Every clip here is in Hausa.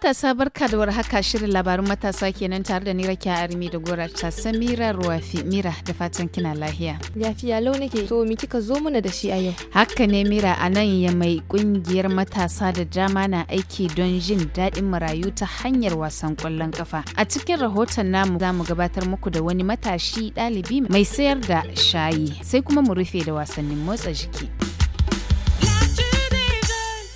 matasa barka da haka shirin labarun matasa kenan tare da ni rakiya armi da gora ta samira ruwafi mira da fatan kina lahiya lafiya lau nake to mi kika zo mana da shi a yau haka ne mira a nan ya mai kungiyar matasa da dama na aiki don jin daɗin marayu ta hanyar wasan kwallon kafa a cikin rahoton namu za mu gabatar muku da wani matashi ɗalibi mai sayar da shayi sai kuma mu rufe da wasannin motsa jiki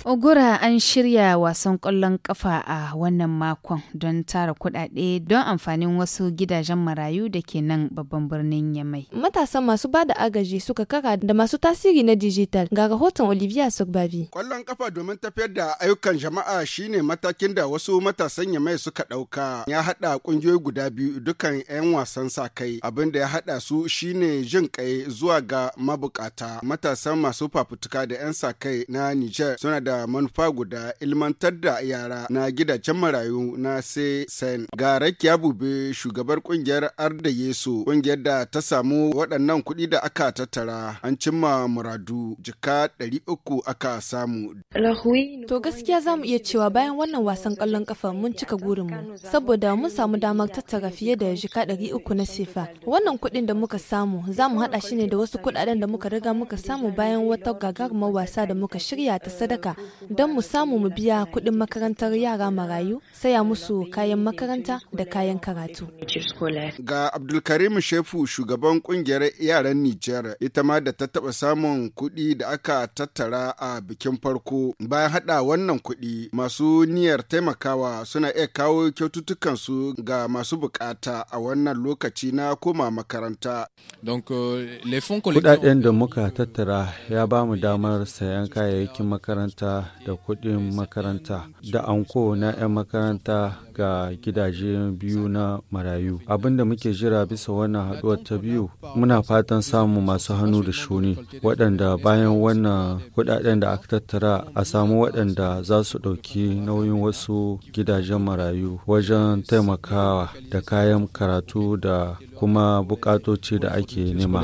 Ogura an shirya wasan kwallon kafa a wannan makon don tara kuɗaɗe don amfanin wasu gidajen marayu da ke nan babban birnin Yamai. Matasan masu bada agaji suka kara da masu tasiri na digital ga rahoton Olivia Sogbavi. kwallon kafa domin tafiyar da ayyukan jama'a shine matakin da wasu matasan Yamai suka ɗauka. Ya haɗa ƙungiyoyi guda biyu dukan 'yan wasan sa kai abin da ya haɗa su shine jin kai zuwa ga mabukata. Matasan masu fafutuka da 'yan sa kai na Niger suna da da manufa guda ilmantar da yara na gidajen marayu na sen ga rakiya bube shugabar kungiyar arda yesu kungiyar da ta samu waɗannan kuɗi da aka tattara an cimma muradu jika ɗari uku aka samu. to gaskiya za mu iya cewa bayan wannan wasan kallon kafa mun cika gurin mu saboda mun samu damar tattara fiye da jika ɗari uku na sefa wannan kuɗin da muka samu za mu haɗa shi ne da wasu kuɗaɗen da muka riga muka samu bayan wata gagarumar wasa da muka shirya ta sadaka don mu samu mu biya kuɗin makarantar yara marayu saya musu kayan makaranta da kayan karatu. Ga Abdulkarim Shefu shugaban kungiyar yaran Nijar ita ma da ta taba samun kuɗi da aka tattara a bikin farko bayan haɗa wannan kuɗi masu niyyar taimakawa suna iya kawo kyaututtukansu ga masu bukata a wannan lokaci na koma makaranta. Euh, Kuɗaɗen da muka tattara ya ba mu damar sayan kayayyakin makaranta da kuɗin makaranta da anko na 'yan makaranta ga gidaje biyu na marayu abinda muke jira bisa wannan haɗuwar ta biyu muna fatan samu masu hannu da shuni waɗanda bayan wannan kuɗaɗen da aka tattara a samu waɗanda za su ɗauki nauyin wasu gidajen marayu wajen taimakawa da kayan karatu da kuma bukatoci da ake nema.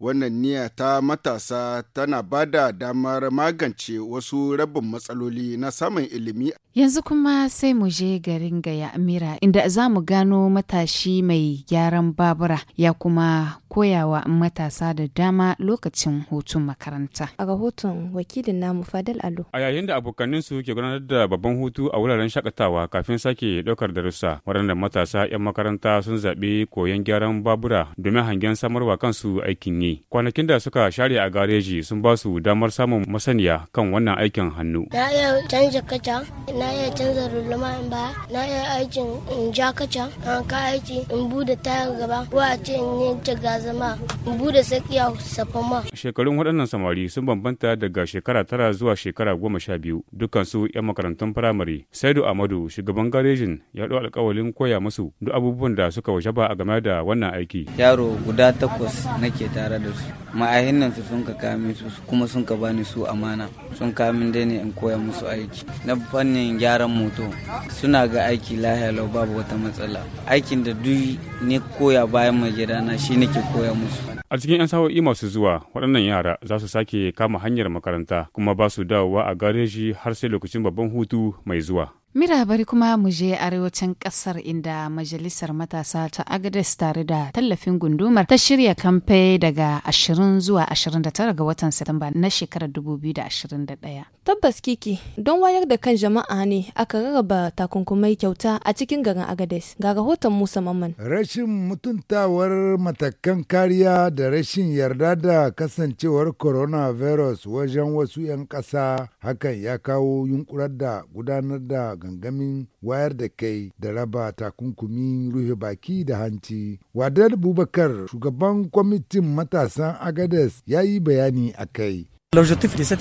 Wannan niyya ta matasa tana ba da damar magance wasu rabin matsaloli na samun ilimi. Yanzu kuma sai mu je garin Gaya Amira inda za mu gano matashi mai gyaran babura ya kuma koyawa matasa da dama lokacin hutun makaranta. A rahoton wakilin namu Fadal Alo. A yayin da abokanin su ke gudanar da babban hutu a wuraren shakatawa kafin sake ɗaukar darussa, waɗanda matasa 'yan makaranta sun zaɓi koyon gyaran babura domin hangen samarwa kansu aikin yi. Kwanakin da suka share a gareji sun ba su damar samun masaniya kan wannan aikin hannu. Na iya canza kaca, na iya canza rulluma in ba, na iya aikin in ja kaca, an ka aiki in bude tayar gaba, ko a ce in yi zama safama. Shekarun waɗannan samari sun bambanta daga shekara tara zuwa shekara goma sha biyu dukansu 'yan makarantun firamare. Saidu Amadu shugaban garejin ya ɗau alƙawalin koya musu duk abubuwan da suka waje ba a game da wannan aiki. Yaro guda takwas nake tare da su. Ma'ahin nan su sun ka kame su kuma sun ka bani su amana. Sun kame dai ne in koya musu aiki. Na fannin gyaran moto suna ga aiki lahiya lau babu wata matsala. Aikin da duk ne koya bayan mai gidana shi nake koya musu a cikin 'yan sa'o'i masu zuwa waɗannan yara za su sake kama hanyar makaranta kuma ba su dawowa a gareji har sai lokacin babban hutu mai zuwa Mira bari kuma mu je arewacin kasar inda Majalisar Matasa ta Agades tare da tallafin gundumar ta shirya kamfe daga 20 zuwa 29 ga watan Satumba na shekarar 2021. Tabbas kiki don wayar da kan jama'a ne aka rarraba takunkumai kyauta a cikin garin Agades ga rahoton Musa Mamman. Rashin mutuntawar matakan kariya da rashin yarda da kasancewar coronavirus wajen wasu 'yan ƙasa hakan ya kawo yunkurar da gudanar da gangamin wayar da kai da raba takunkumin rufe baki da hanci. Wadar Bubakar shugaban kwamitin matasan Agades ya yi bayani a kai.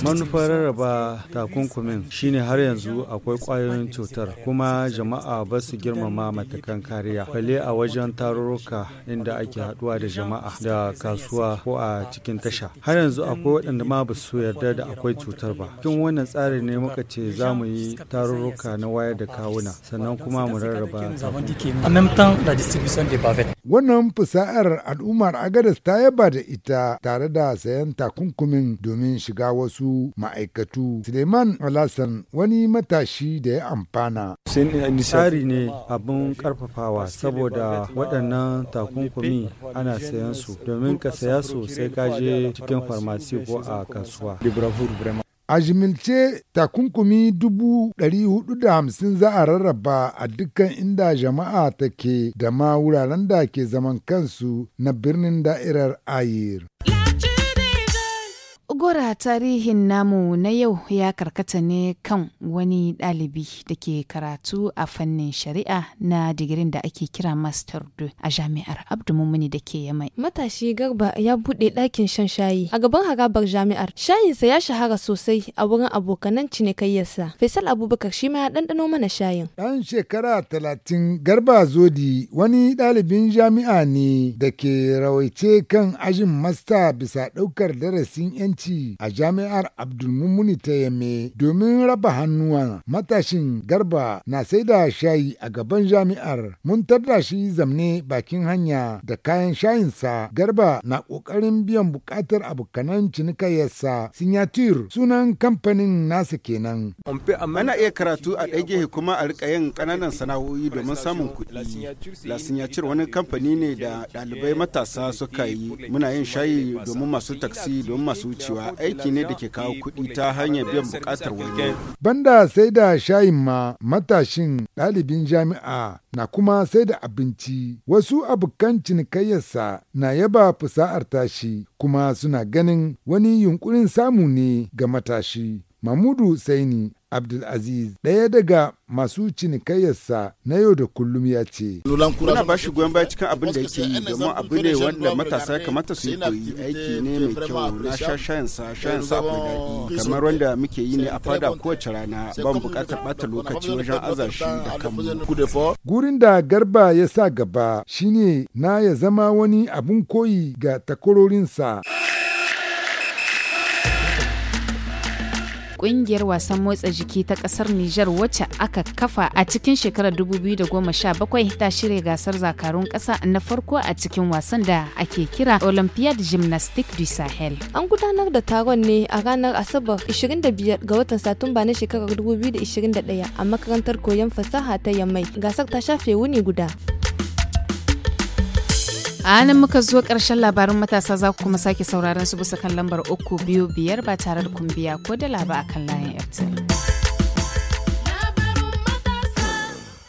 manufar rarraba takunkumin shine har yanzu akwai kwayoyin cutar kuma jama'a ba su girmama matakan kariya fale a wajen tarurruka inda ake haduwa da jama'a da kasuwa ko a cikin tasha har yanzu akwai waɗanda ma ba su yarda da akwai cutar ba cikin wannan tsarin ne muka ce za mu yi tarurruka na wayar da kawuna sannan kuma mu rarraba wannan fusa'ar al'ummar agadas ta yaba da ita tare da sayan takunkumin domin domin shiga wasu ma'aikatu. Suleiman Alasan wani matashi da ya amfana. Tsari ne abin karfafawa saboda waɗannan takunkumi ana sayan su domin ka saya su sai ka je cikin farmasi ko a kasuwa. A jimilce takunkumi dubu ɗari hudu da hamsin za a rarraba a dukkan inda jama'a take da ma wuraren da ke zaman kansu na birnin da'irar Ayir. Gora tarihin namu na yau ya karkata ne kan wani ɗalibi da ke karatu a fannin shari'a na digirin da ake kira Master Do a jami'ar Abdu da ke Yamai. Matashi Garba ya buɗe ɗakin shan shayi a gaban harabar jami'ar. Shayinsa ya shahara sosai a wurin abokanan cinikayyarsa. Faisal Abubakar shi ma ya ɗanɗano mana shayin. Ɗan shekara talatin Garba Zodi wani ɗalibin jami'a ne da ke rawaice kan ajin masta bisa ɗaukar darasin 'yanci gwamnati a jami'ar Abdulmumuni ta yame domin raba hannuwa matashin Garba na sai da shayi a gaban jami'ar mun tarda shi zamne bakin hanya da kayan shayinsa Garba na kokarin biyan bukatar abokanan cinikayyarsa sinyatir sunan kamfanin nasa kenan. Ana iya karatu a ɗage kuma a riƙa yin ƙananan sana'o'i domin samun kuɗi. La Signature wani kamfani ne da ɗalibai matasa suka yi muna yin shayi domin masu taksi domin masu wuce cewa aiki ne da ke kawo kuɗi ta hanyar biyan buƙatar wani. Banda sai da shayin ma matashin ɗalibin jami'a na kuma sai da abinci wasu abokan cinikayyarsa na yaba fusa'ar tashi kuma suna ganin wani yunkurin samu ne ga matashi. Mamudu Saini Abdulaziz ɗaya daga masu cinikayyarsa na yau da kullum ya ce. Muna ba shi goyon baya cikin abin da yake yi domin abu ne wanda matasa kamata su yi koyi aiki ne mai kyau na sha shayan sa shayan sa akwai daɗi kamar wanda muke yi ne a fada kowace rana ban buƙatar ɓata lokaci wajen aza shi da kanmu. Gurin da Garba ya sa gaba shine na ya zama wani abin koyi ga takwarorinsa. kungiyar wasan motsa jiki ta kasar Nijar wacce aka kafa a cikin shekarar 2017 ta shirya gasar zakarun kasa na farko a cikin wasan da ake kira Olympiad Gymnastic du Sahel. An gudanar da taron ne a ranar Asabar 25 ga watan Satumba na shekarar 2021 a makarantar koyon fasaha ta Yamai. Gasar ta shafe wuni guda. A nan muka zo ƙarshen labarin matasa za ku kuma sake sauraron su bisa kan lambar uku biyu biyar ba tare da biya ko da laba akan layin Airtel.